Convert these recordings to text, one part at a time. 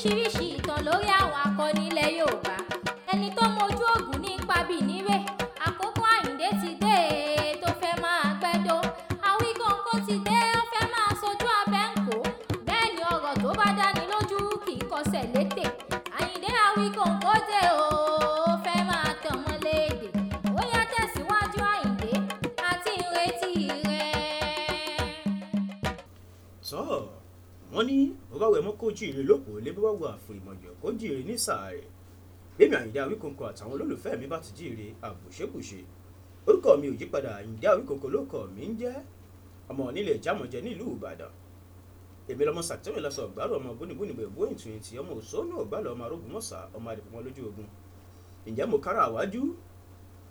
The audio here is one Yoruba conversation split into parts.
oríṣiríṣi ìtàn lórí àwọn akọni ilẹ̀ Yorùbá ẹni tó mojú ògùn ní ipa bíi àkókò Àyìndé ti dé tó fẹ́ máa gbẹ́dọ̀ Awíkọ́nkọ́ ti dé ó fẹ́ máa sojú abẹ́ǹkó bẹ́ẹ̀ ni ọ̀rọ̀ tó bá dáni lójú kì í kọsẹ̀ létè Àyìndé Awíkọ́nkọ́ dé ó fẹ́ máa tàn mọ́ léde ó yá tẹ̀síwájú Àyìndé àti ìrètí rẹ̀. So wọ́n ní ọ̀gáwẹ̀mọ́ kó jíire lóko lébí wá wo àfòrìmọ̀jọ̀ kó jíire ní sàárè lèmi àyíndá wíkòǹkò àtàwọn olólùfẹ́ mi bá ti jíire àbòṣekùṣe orúkọ mi ò yí padà àyíndá wíkòǹkò lóko mi ń jẹ́ ọmọ nílẹ̀ jámọ̀jẹ nílùú ìbàdàn èmi lọmọ sàtẹ́wìn lọ́sọ̀ ọ̀gbárò ọmọ bónibónibó ẹ̀bú ìtùn ìtì ọmọ òṣónú ọ̀gbálà ọmọ arógunmọ̀sà ọmọ àdìpọ̀mọ́ lójú ogun ǹjẹ́ mo kára àwájú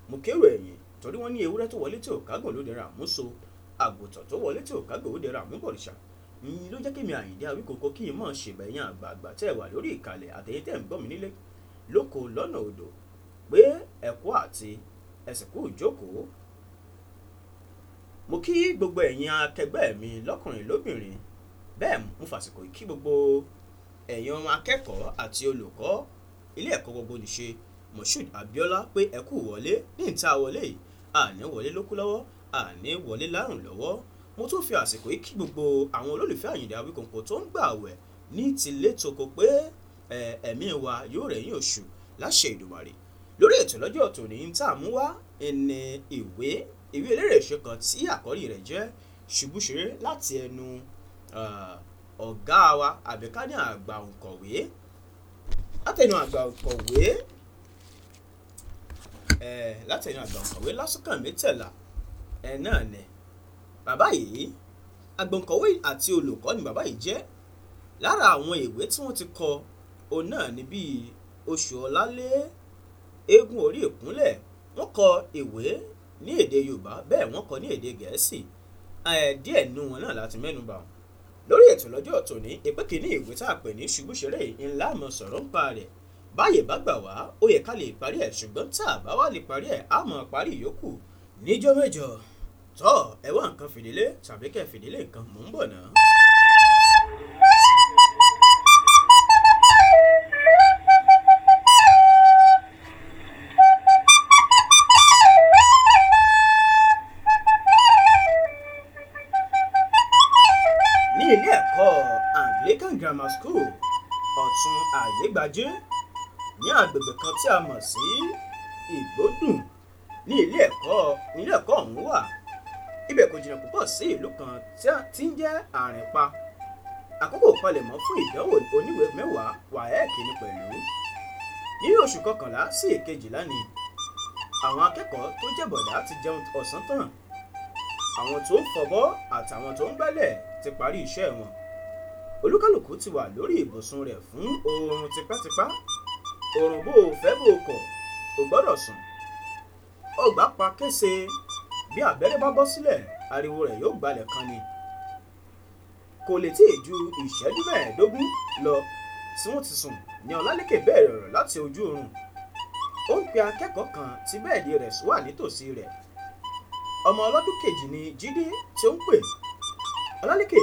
mo kérò ẹ̀yìn torí wọ́n ní ewúrẹ́ tó wọlé tí ò kágò ló dẹra àmúso àgùntàn tó wọlé tí ò kágò ó dẹra àmúbọ̀rìṣà yìí ló jẹ́ kí mi Àyìndé Àwíkòkò kí n mọ̀ ṣègbẹ̀yìn àgbààgbà tẹ́ ẹ wà lórí ìkàlẹ̀ àtẹ̀yìn tẹ́ ẹ̀ ń gbọ́ mi nílé lóko lọ́nà odò pé ẹ̀kú àti ẹ̀sìnkú ìjókòó. mo kí gbogbo ẹ̀yin akẹgbẹ́ mi lọ́kùnrin lóbìnrin bẹ́ẹ̀ mo fàsìkò kí gbogbo ẹ̀yin ọmọ akẹ́kọ̀ọ́ àti olùkọ́ ilé ẹ̀kọ́ gbogbo nìṣe Moshood Abiola pé ẹ̀kú wọlé ní ìta wọlé àní wọlé lókú lọ́wọ́ àní wọlé lárùn lọ́wọ́ mo tún fi àsìkò yìí kí gbogbo àwọn olólùfẹ́ Àyìndé Àwíkòǹkò tó ń gbà àwẹ̀ ní tilé toko pé ẹ̀mí wa yóò rẹ̀yìn oṣù láṣẹ Ìdùmarè lórí ètò lọ́jọ́ tòní tá a mú wá ẹni ìwé ìwé elérèṣe kan tí àkọ́rí rẹ̀ jẹ́ ṣubúṣeré láti ẹnu ọ̀gá wa àbíkání àgbà òǹkọ̀wé látẹnu àgbà òǹkọ̀wé látẹnu àgbà òǹkọ̀wé lásìkò mẹ́tẹ̀lá ẹ̀ náà ni Bàbá yìí agbọ̀ǹkọ̀wé àti olùkọ́ ni bàbá yìí jẹ́ lára àwọn ìwé tí wọ́n ti kọ òun náà ni bíi oṣù ọlálé eégún orí ìkúnlẹ̀ wọ́n kọ ìwé ní èdè Yorùbá bẹ́ẹ̀ wọ́n kọ ní èdè Gẹ̀ẹ́sì díẹ̀ nínú wọn náà láti mẹ́nuba lórí ètò lọ́jọ́ tòní ìpín kìíní ìwé tá a pè ní ṣubú ṣeré ńlá àmọ́ sọ̀rọ̀ ń pa rẹ̀ báyè bá gbà wá ó yẹ ká lè parí ẹ̀ ṣùgbọ́n tá a bá wà lè parí ẹ̀ àmọ́ parí yòókù níjọ́ mẹ́jọ tọ́ ẹ wá nǹkan fìdílé tàbí kẹ́ fìdílé nǹkan mò ń bọ̀ náà. ní ilé ẹ̀kọ́ Anglican Grammar School ọ̀tún àyégbájé ní agbègbè kan tí a mọ̀ sí ìgbódùn ní ilé ẹ̀kọ́ ilé ẹ̀kọ́ ọ̀hún wà ibẹ̀ kò jìnnà púpọ̀ sí ìlú kan tí ń jẹ́ àrìnpa àkókò palẹ̀mọ́ fún ìdánwò oníwèé mẹ́wàá wàhẹ́ẹ̀ kìíní pẹ̀lú nínú oṣù kọkànlá sí èkejìlá ni àwọn akẹ́kọ̀ọ́ tó jẹ́ bọ̀dá ti jẹun ọ̀sán tán àwọn tó ń fọbọ́ àtàwọn tó ń gbálẹ̀ ti parí iṣẹ́ wọn olúkálùkù ti wà lórí ibùsùn rẹ̀ fún oorun tipátipá oorun bó o fẹ́ bó o kọ̀ o gbọ́dọ̀ sùn ọgbà pa kése bí abẹ́rẹ́ bá bọ́ sílẹ̀ ariwo rẹ̀ yóò gbalẹ̀ kan ni kò lè tí ì ju ìṣẹ́jú mẹ́ẹ̀ẹ́dógún lọ tí wọ́n ti sùn ní Ọlálékè bẹ̀rẹ̀ ọ̀rọ̀ láti ojú oorun ó ń pe akẹ́kọ̀ọ́ kan tí bẹ́ẹ̀dì rẹ̀ wà nítòsí rẹ̀ ọmọ ọlọ́dún kejì ni Jídé tí ó ń pè Ọlálékè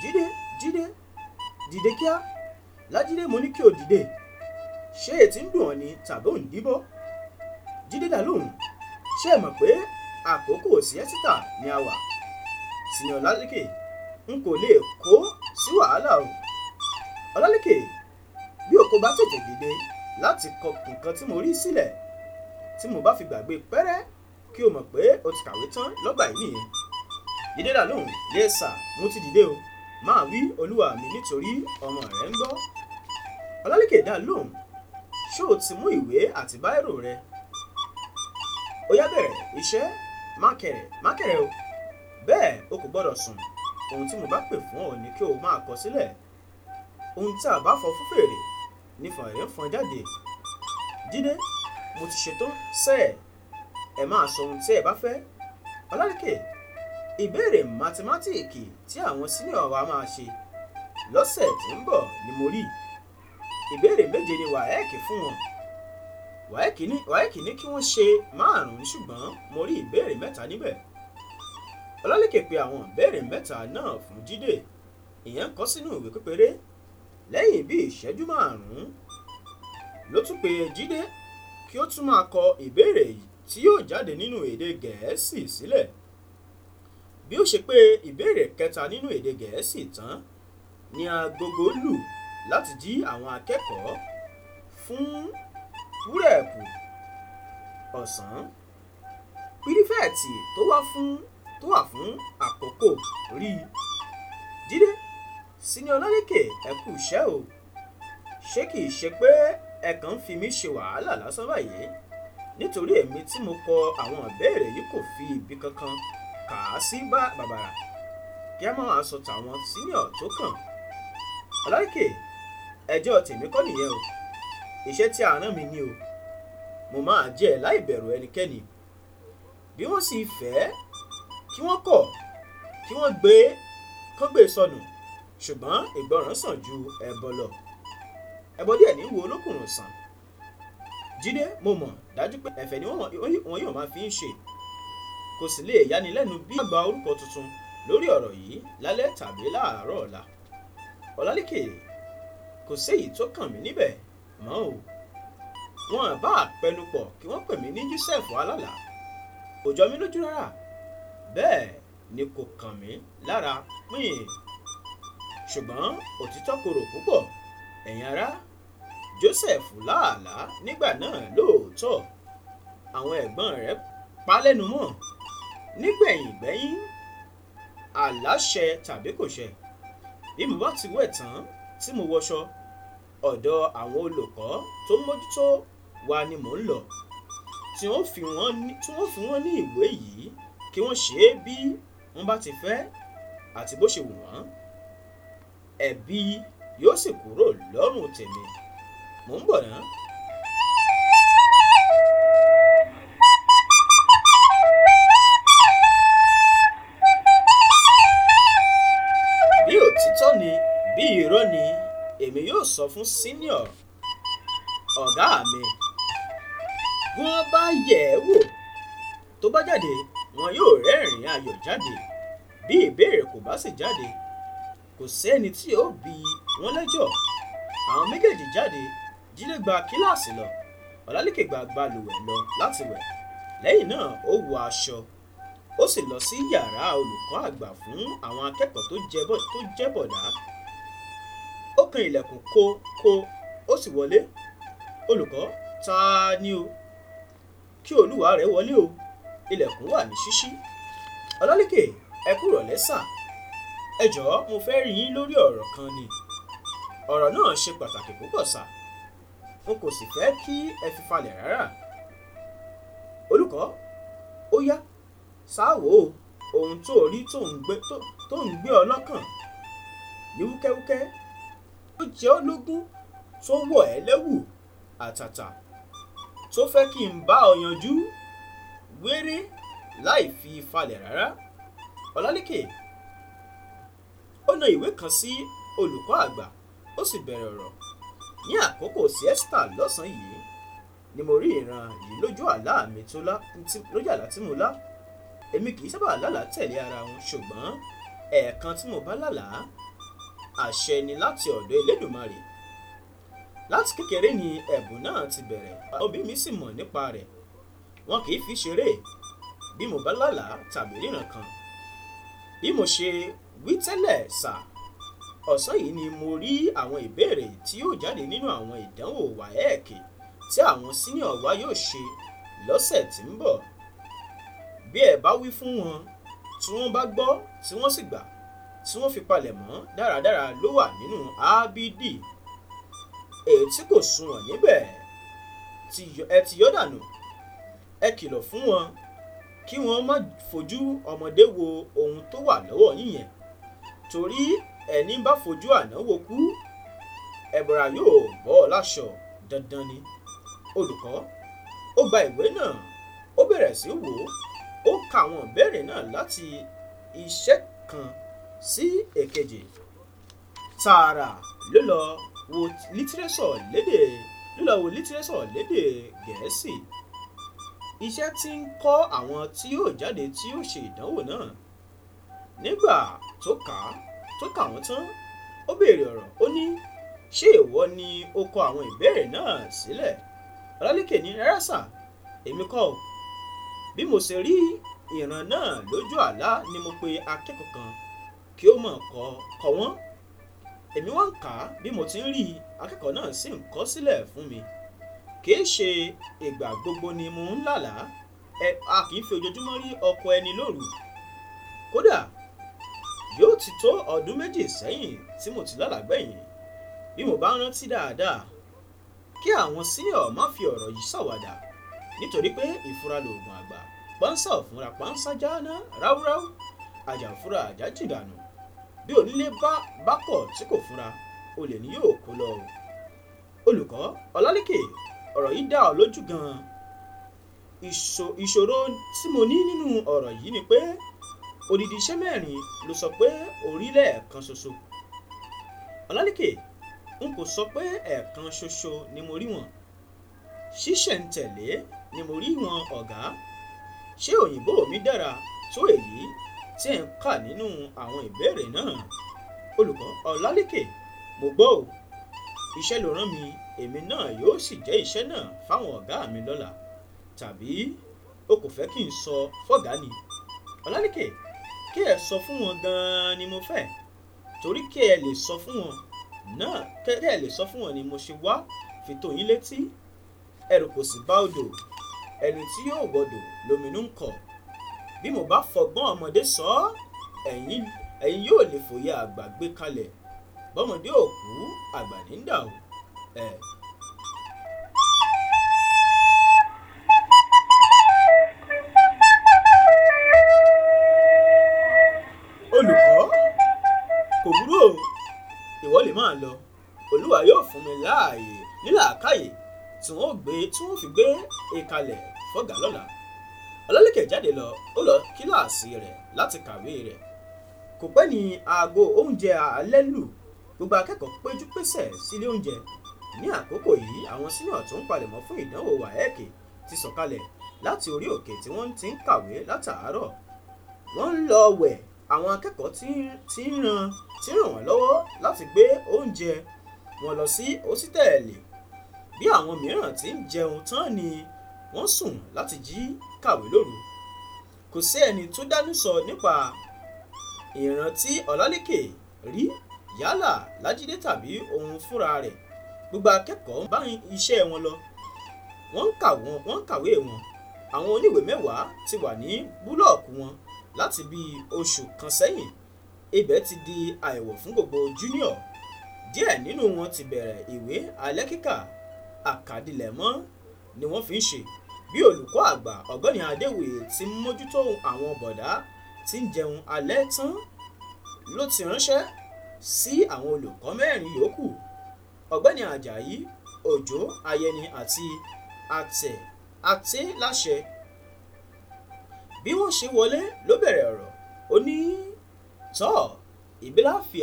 Jídé Jídé dìde kíá Lájídé mo ní kí o dìde ṣé ètí ń dùn ọ́ ni tàbí ò ń dà lóhùn ṣé ẹ mọ̀ pé àkókò siẹ́sítà ni a wà senior Ọlálékè n kò lè kó sí wàhálà o Ọlálékè bí o kò bá tètè dìde láti kọ nǹkan tí mo rí sílẹ̀ tí mo bá fi gbàgbé pẹ́rẹ́ kí o mọ̀ pé o ti kàwé tán lọ́gbà yìí nìyẹn ìdẹ́dà lòun lè sà mo ti dìde o máa wí olúwa mi nítorí ọmọ rẹ ń gbọ́ Ọlálékè dá lóhùn ṣó o ti mú ìwé àti báírò rẹ ó yá bẹ̀rẹ̀ iṣẹ́ mákẹ̀rẹ̀ mákẹ̀rẹ̀ o bẹ́ẹ̀ o kò gbọ́dọ̀ sùn ohun tí mo bá pè fún ọ ni kí o máa kọ sílẹ̀ ohun tí a bá fọ fún fèrè ni fèrè ń fọn jáde jíde mo ti ṣetán sẹ́ẹ̀ ẹ máa sọ ohun tí ẹ bá fẹ́ ọlálẹ́kẹ̀ ìbéèrè mátímátíìkì tí àwọn sínìọ̀ wa máa ṣe lọ́sẹ̀ tí ń bọ̀ ni mo rí ìbéèrè méje ni wàhẹ́ẹ̀kì fún wọn wáyéèkì ní wáyéèkì ní kí wọ́n ṣe márùn-ún ṣùgbọ́n mo rí ìbéèrè mẹ́ta níbẹ̀ ọlálẹ́kẹ̀ pé àwọn ìbéèrè mẹ́ta náà fún dídè ìyẹn kọ sínú ìwé pépéré lẹ́yìn bíi ìṣẹ́jú márùn-ún ló tún pe dídè kí ó tún máa kọ ìbéèrè tí yóò jáde nínú èdè gẹ̀ẹ́sì sílẹ̀ bí ó ṣe pé ìbéèrè kẹta nínú èdè gẹ̀ẹ́sì tán ni agogo lù láti jí àwọn akẹ́kọ̀ọ́ fún wúrẹ́ẹ̀pù ọ̀sán pírífẹ̀tì tó wá fún tó wà fún àkókò rí i jíde sínú ọlọ́lẹ́kẹ̀ ẹ kú iṣẹ́ o ṣé kì í ṣe pé ẹ kàn ń fi mí ṣe wàhálà lásán báyìí nítorí èmi tí mo kọ àwọn ìbéèrè yìí kò fi ibi kankan kà á sí bá bàbàrà kí a máa sọ tàwọn sínú ọ̀ tó kàn ọlọ́lẹ́kẹ̀ ẹjọ́ tèmi kọ́ nìyẹn o iṣẹ́ tí àrán mi ni o mo máa jẹ́ ẹ̀ láì bẹ̀rù ẹnikẹ́ni bí wọ́n sì fẹ́ kí wọ́n kọ̀ kí wọ́n gbé kán gbé e sọnù ṣùgbọ́n ìgbọràn sàn ju ẹbọ lọ ẹbọ díẹ̀ ní wo olókùnrin sàn jíde mo mọ̀ dájú pé ẹ̀fẹ̀ ni wọ́n yóò máa fi ń ṣe kò sì lè yánilẹ́nu bí àgbà orúkọ tuntun lórí ọ̀rọ̀ yìí lálẹ́ tàbí láàárọ̀ ọ̀la ọ̀làlíkè kò séyìí tó kàn mí níbẹ̀ mọ́ o wọn bá àpẹnupọ̀ kí wọ́n pè mí ní Joseph alálà kò jọ mí lójú rárá bẹ́ẹ̀ ni kò kàn mí lára pín ṣùgbọ́n òtítọ́ korò púpọ̀ ẹ̀yin ará Joseph láàlá nígbà náà lóòótọ́ àwọn ẹ̀gbọ́n rẹ̀ pa lẹ́nu mọ́ nígbẹ̀yìngbẹ́yìn àlá ṣẹ tàbí kò ṣẹ bí mo bá ti wẹ̀ tán tí mo wọṣọ ọ̀dọ̀ àwọn olùkọ́ tó mójútó wa ni mò ń lọ tí wọ́n fi wọ́n ní ìwé yìí kí wọ́n ṣe é bí wọ́n bá ti fẹ́ àti bó ṣe wù wọ́n ẹ̀bi yóò sì kúrò lọ́rùn tèmi mò ń bọ̀ náà. sọ fún senior ọ̀gá mi bí wọ́n bá yẹ̀ ẹ́ wò tó bá jáde wọn yóò rẹ́rìn-ín ayọ̀ jáde bí ìbéèrè kò bá sì jáde kò sẹ́ni tí yóò bi wọ́n lẹ́jọ́ àwọn méjèèjì jáde Jídé gba kíláàsì lọ Ọlálékè gba balùwẹ̀ lọ láti wẹ̀ lẹ́yìn náà ó wọ aṣọ ó sì lọ sí yàrá olùkọ́ àgbà fún àwọn akẹ́kọ̀ọ́ tó jẹ́ bọ̀dá kan ilẹ̀kùn kó kó ó sì wọlé olùkọ́ ta ni o kí olúwa rẹ̀ wọlé o ilẹ̀kùn wà ní ṣíṣí ọlálẹ́kẹ̀ ẹ kúrò lẹ́sà ẹ jọ̀ọ́ mo fẹ́ rí yín lórí ọ̀rọ̀ kan ni ọ̀rọ̀ náà ṣe pàtàkì púpọ̀ sà n kò sì fẹ́ kí ẹ fi falẹ̀ rárá olùkọ́ ó yá sáwò ohun tó rí tó ń gbé ọ lọ́kàn ní wúkẹ́wúkẹ́ tó jẹ́ ọ́ lógún tó wọ̀ ẹ́ lẹ́wù àtàtà tó fẹ́ kí n bá ọ yanjú wéré láì fi falẹ̀ rárá ọlálékè ó na ìwé kan sí olùkọ́ àgbà ó sì bẹ̀rẹ̀ ọ̀rọ̀ ní àkókò siesta lọ́sàn-án yìí ni mo rí ìran yìí lójú àlá mi tó lá lójú àlá tí mo lá èmi kì í sábà lálàá tẹ̀lé ara wọn ṣùgbọ́n ẹ̀ẹ̀kan tí mo bá lálàá àṣẹ ni láti ọ̀dọ̀ Elédùmarè láti kékeré ni ẹ̀bùn náà ti bẹ̀rẹ̀ òbí mi sì mọ̀ nípa rẹ̀ wọn kì í fi ṣeré bí mo bá lálàá tàbí ríran kan bí mo ṣe wí tẹ́lẹ̀ sà ọ̀sán yìí ni mo rí àwọn ìbéèrè tí yóò jáde nínú àwọn ìdánwò wáẹ́ẹ̀kì tí àwọn sínìọ̀ wa yóò ṣe lọ́sẹ̀ tí ń bọ̀ bí ẹ bá wí fún wọn tí wọ́n bá gbọ́ tí wọ́n sì gbà tí wọ́n fi palẹ̀ mọ́ dáradára ló wà nínú ábídì èyí tí kò sunwọ̀n níbẹ̀ ẹ ti yọ́ dànù ẹ kìlọ̀ fún wọn kí wọ́n má fojú ọmọdé wo ohun tó wà lọ́wọ́ yíyẹn torí ẹni bá fojú àná wo kú ẹ̀bùrà yóò bọ́ ọ láṣọ dandan ni olùkọ́ ó gba ìwé náà ó bẹ̀rẹ̀ sí wò ó ó ka àwọn ìbéèrè náà láti iṣẹ́ kan sí èkejì tààrà ló lọ wo lítírésọ̀ lédè ló lọ wo lítírésọ̀ lédè gẹ̀ẹ́sì iṣẹ́ tí ń kọ́ àwọn tí yóò jáde tí yóò ṣe ìdánwò náà nígbà tó kà á tó kà wọ́n tán ó béèrè ọ̀rọ̀ ó ní ṣé ìwọ ni o kọ àwọn ìbéèrè náà sílẹ̀ ọlálẹ́kẹ̀ ní rárá èmi kọ́ bí mo ṣe rí ìran náà lójú àlá ni mo pe akẹ́kọ̀ọ́ kan kí ó mọ̀ kọ́ kọ́ wọ́n èmi wọ́n ń kà á bí mo ti ń rí akẹ́kọ̀ọ́ náà sì ń kọ́ sílẹ̀ fún mi kìí ṣe ìgbà gbogbo ni mo ń lálàá ẹ a kìí fi ojoojúmọ́ rí ọkọ ẹni lóru kódà yóò ti tó ọdún méjì sẹ́yìn tí mo ti lálàá gbẹ̀yìn bí mo bá rántí dáadáa kí àwọn síníọ̀ má fi ọ̀rọ̀ yìí ṣàwàdà nítorí pé ìfura lòògùn àgbà pọ́nsá ọ̀fúnra pọ́nsá jáná ráúráú àjàfúra àjájìdànù bí onílé bá bákọ̀ tí kò fura olè ni yóò kó lọ. olùkọ́ ọlálékè ọ̀rọ̀ yìí dá ọ lójú gan-an ìṣòro tí mo ní nínú ọ̀rọ̀ yìí ni pé odidi iṣẹ́ mẹ́rin ló sọ pé orílẹ̀ kan ṣoṣo ọlálékè n kò sọ pé ẹ̀ẹ̀kan ṣoṣo ni mo rí wọn ṣíṣẹ̀ǹtẹ̀lé ni mo rí wọn ọ̀gá ṣé òyìnbó mi dára tó èyí tí ẹ̀ ń kà nínú àwọn ìbéèrè náà olùkọ́ ọlálékè mo gbọ́ o iṣẹ́ ló rán mi èmi náà yóò sì jẹ́ iṣẹ́ náà fáwọn ọ̀gá mi lọ́la tàbí o kò fẹ́ kí n sọ fọ́gà ni ọlálékè kí ẹ sọ fún wọn gan-an ni mo fẹ́ torí kí ẹ lè sọ fún wọn náà kí ẹ lè sọ fún wọn ni mo ṣe wá fi yín létí ẹrù kò sì bá odò ẹni tí yóò wọdò lóminú ń kọ̀ bí mo bá fọgbọ́n ọmọdé sọ ọ́ ẹ̀yin ẹ̀yin yóò lè fòye àgbà gbé kalẹ̀ bọ́mọdé ò àgbà ní dà o. olùkọ́ kò burú o ìwọ lè máa lọ olúwa yóò fún mi láàyè nílàákàyè tí wọ́n gbé tí wọ́n fi gbé ìkalẹ̀ fọ́gà lọ́la lékè jáde lọ ó lọ kíláàsì rẹ̀ láti kàwé rẹ̀ kò pẹ́ ní aago oúnjẹ alẹ́ lù gbogbo akẹ́kọ̀ọ́ péjú pésẹ̀ sílé oúnjẹ ní àkókò yìí àwọn sínúọ̀ tó ń palẹ̀mọ́ fún ìdánwò wáẹ́ẹ̀kì ti sọ̀kalẹ̀ láti orí òkè tí wọ́n ti ń kàwé látàárọ̀ wọ́n ń lọ wẹ̀ àwọn akẹ́kọ̀ọ́ ti ń ran ti ràn wọ́n lọ́wọ́ láti gbé oúnjẹ wọn lọ sí hósítẹ́ẹ̀lì bí àwọn mìíràn ti ń jẹun tán ni wọ́n sùn láti jí kàwé lóru kò sí ẹni tó dánú sọ nípa ìran tí Ọlálékè rí yálà Lájídé tàbí òun fúnra rẹ̀ gbogbo akẹ́kọ̀ọ́ ń bá iṣẹ́ wọn lọ wọ́n ń kà wọ́n wọ́n ń kàwé wọn àwọn oníwèé mẹ́wàá ti wà ní búlọ̀ọ̀kù wọn láti bí oṣù kan sẹ́yìn ibẹ̀ ti di àìwọ̀ fún gbogbo júnior díẹ̀ nínú wọn ti bẹ̀rẹ̀ ìwé alẹ́ kíkà àkàdìlẹ̀ mọ́ ni wọ́n fi ń ṣe bí olùkọ́ àgbà ọ̀gbẹ́ni adéwòye ti ń mójútó àwọn bọ̀dá tí ń jẹun alẹ́ tán ló ti ránṣẹ́ sí àwọn olùkọ́ mẹ́rin yòókù ọ̀gbẹ́ni ajayi òjó ayẹni àti àtẹ àtẹ láṣẹ bí wọ́n ṣe wọlé ló bẹ̀rẹ̀ ọ̀rọ̀ ó ní tọ́ ìbílẹ̀ àfi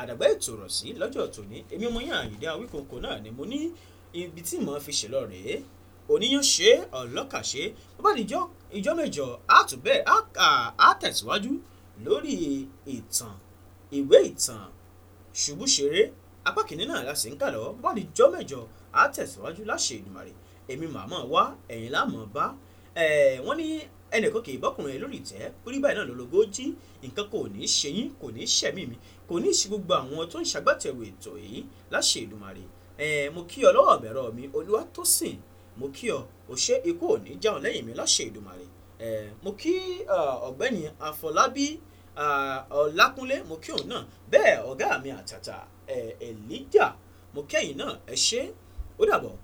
àdàgbà ètò rọ̀ sí lọ́jọ́ tòní èmi ọmọ yẹn àyíndé awíkòǹkò náà ni mo ní ibi tí mo fi ṣe lọ rèé oníyanṣe ọlọ́kàṣe bàbá ìjọ ìjọ mẹ́jọ àtúbẹ̀ àtẹ̀síwájú lórí ìtàn ìwé ìtàn ṣubúṣeré apá kìíní náà la sì ń kà lọ bàbá ìjọ mẹ́jọ àtẹ̀síwájú láṣẹ Èdùmàrè èmi màmá wá ẹ̀yìn láàmú bá wọ́n ní ẹnìkan kì í bọ́kùnrin lórí ìtẹ́ orí báyìí náà lọ́lọ́gọ́ jí nǹkan kò ní í ṣe yín kò ní í ṣẹ̀mí mi kò ní í ṣe gbogbo àwọn tó ń ṣàgbàtẹ̀wò ètò yìí láṣẹ Èdùmàrè ẹ eh, mo kí ọ lọ́wọ́ bẹ̀rọ mi Olúwatósìn mo kí ọ ò ṣe ikú ò ní jáun lẹ́yìn mi láṣẹ Èdùmàrè ẹ eh, mo kí eh, ọ̀gbẹ́ni Afọlábí Ọlákúnlé mo kí òun náà bẹ́ẹ̀ ọ̀gá mi àtàtà ẹ Elijah mo kẹ́yìn náà ẹ ṣé ó dàbọ̀.